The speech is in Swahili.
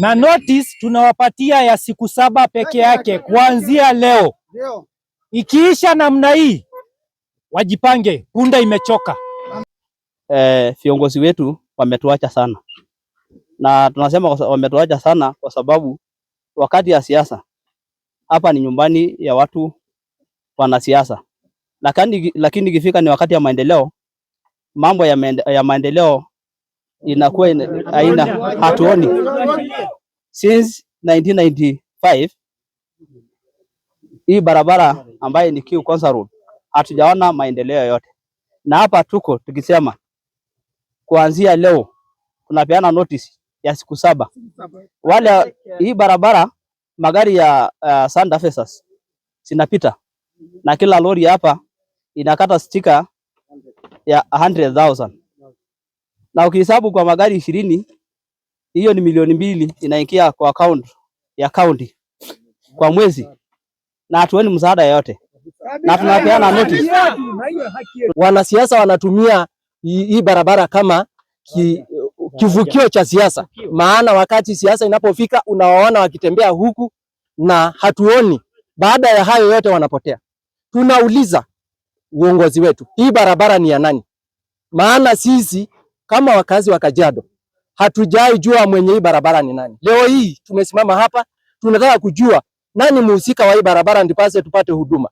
na notice tunawapatia ya siku saba peke yake kuanzia leo. Ikiisha namna hii, wajipange, punda imechoka. Eh, viongozi wetu wametuacha sana, na tunasema wametuacha sana kwa sababu wakati ya siasa hapa ni nyumbani ya watu wanasiasa, lakini lakini ikifika ni wakati ya maendeleo mambo ya, mende, ya maendeleo inakuwa aina hatuoni since 1995 hii barabara ambayo ni Kiu Konza Road hatujaona maendeleo yote, na hapa tuko tukisema kuanzia leo tunapeana notice ya siku saba wale hii barabara magari ya uh, Sanda Fesas zinapita na kila lori hapa inakata stika ya 100,000 na ukihesabu kwa magari ishirini, hiyo ni milioni mbili inaingia kwa account ya county kwa mwezi, na hatuoni msaada yoyote, na tunapeana notice. Wanasiasa wanatumia hii barabara kama ki, kivukio cha siasa, maana wakati siasa inapofika unawaona wakitembea huku na hatuoni. Baada ya hayo yote wanapotea. Tunauliza uongozi wetu, hii barabara ni ya nani? Maana sisi kama wakazi wa Kajiado hatujai jua mwenye hii barabara ni nani. Leo hii tumesimama hapa tunataka kujua nani muhusika wa hii barabara, ndipase tupate huduma.